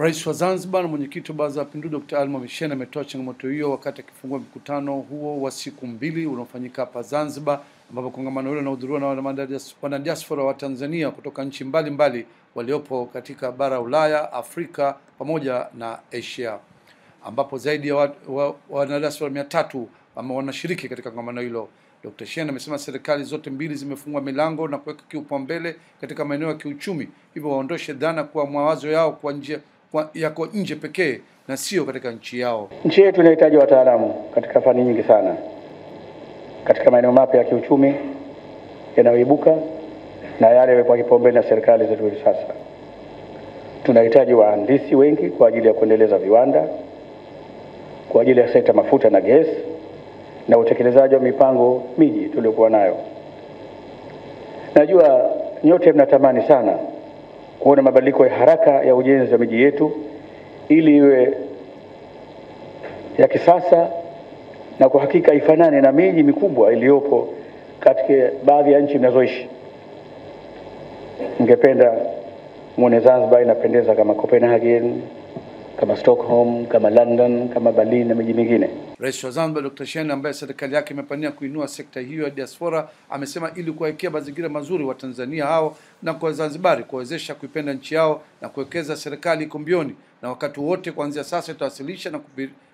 Rais wa Zanzibar na mwenyekiti wa Baraza la Mapinduzi Dkt. Ali ametoa changamoto hiyo wakati akifungua mkutano huo wa siku mbili unaofanyika hapa Zanzibar, ambapo kongamano hilo linahudhuriwa na wanadiaspora wa Tanzania kutoka nchi mbalimbali waliopo katika bara ya Ulaya, Afrika pamoja na Asia, ambapo zaidi ya wanadiaspora mia tatu wanashiriki katika kongamano hilo. Dr. Shein amesema serikali zote mbili zimefungua milango na kuweka kiupaumbele katika maeneo ya kiuchumi, hivyo waondoshe dhana kuwa mawazo yao kwa njia kwa yako nje pekee na sio katika nchi yao. Nchi yetu inahitaji wataalamu katika fani nyingi sana, katika maeneo mapya ya kiuchumi yanayoibuka na yale yamekuwa kipaumbele na serikali zetu hivi sasa. Tunahitaji wahandisi wengi kwa ajili ya kuendeleza viwanda, kwa ajili ya sekta mafuta na gesi na utekelezaji wa mipango miji tuliokuwa nayo. Najua nyote mnatamani sana kuona mabadiliko ya haraka ya ujenzi wa miji yetu ili iwe ya kisasa na kwa hakika ifanane na miji mikubwa iliyopo katika baadhi ya nchi mnazoishi. Ningependa mwone Zanzibar inapendeza kama Copenhagen, kama Stockholm, kama London, kama Berlin na miji mingine. Rais wa Zanzibar Dr. Shein ambaye serikali yake imepania kuinua sekta hiyo ya diaspora amesema ili kuwawekea mazingira mazuri wa Tanzania hao na kwa Zanzibari kuwawezesha kuipenda nchi yao na kuwekeza, serikali iko mbioni na wakati wote kuanzia sasa itawasilisha na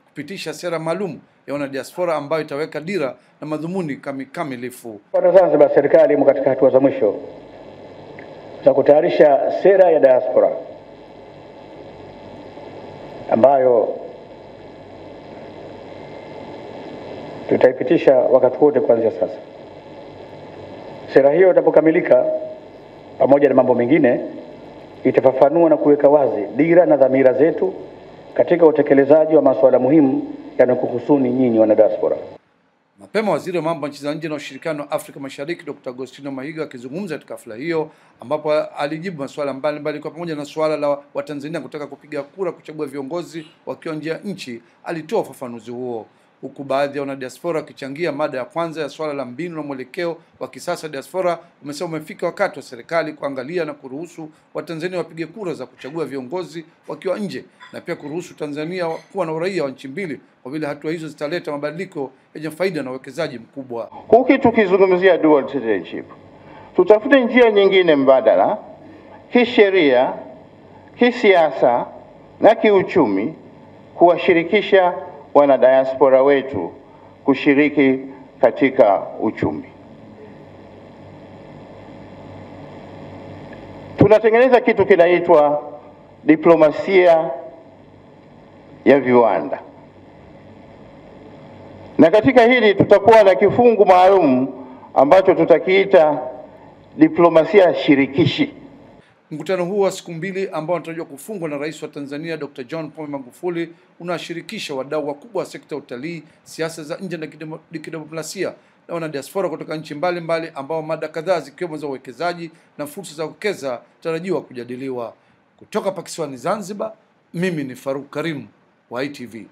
kupitisha sera maalum ya wanadiaspora ambayo itaweka dira na madhumuni kamilifu. Wana Zanzibar, serikali imo katika hatua za mwisho za kutayarisha sera ya diaspora ambayo tutaipitisha wakati wote kuanzia sasa. Sera hiyo itapokamilika, pamoja na mambo mengine, itafafanua na kuweka wazi dira na dhamira zetu katika utekelezaji wa masuala muhimu yanayokuhusuni nyinyi wanadiaspora. Mapema waziri wa mambo ya nchi za nje na ushirikiano wa Afrika Mashariki Dr. Agostino Mahiga akizungumza katika hafla hiyo, ambapo alijibu masuala mbalimbali kwa pamoja na suala la Watanzania kutaka kupiga kura kuchagua viongozi wakiwa nje ya nchi, alitoa ufafanuzi huo huku baadhi ya wanadiaspora wakichangia mada ya kwanza ya swala la mbinu na mwelekeo wa kisasa diaspora, umesema umefika wakati wa serikali kuangalia na kuruhusu Watanzania wapige kura za kuchagua viongozi wakiwa nje na pia kuruhusu Tanzania kuwa na uraia wa nchi mbili, kwa vile hatua hizo zitaleta mabadiliko yenye faida na uwekezaji mkubwa. Huki tukizungumzia dual citizenship, tutafute njia nyingine mbadala kisheria, kisiasa na kiuchumi kuwashirikisha diaspora wetu kushiriki katika uchumi. Tunatengeneza kitu kinaitwa diplomasia ya viwanda, na katika hili tutakuwa na kifungu maalum ambacho tutakiita diplomasia shirikishi. Mkutano huu wa siku mbili ambao unatarajiwa kufungwa na Rais wa Tanzania Dr. John Pombe Magufuli unashirikisha wadau wakubwa wa sekta ya utalii, siasa za nje na kidiplomasia na wanadiaspora kutoka nchi mbalimbali ambao mada kadhaa zikiwemo za uwekezaji na fursa za kuwekeza tarajiwa kujadiliwa. Kutoka Pakisiwani Zanzibar, mimi ni Faruk Karim wa ITV.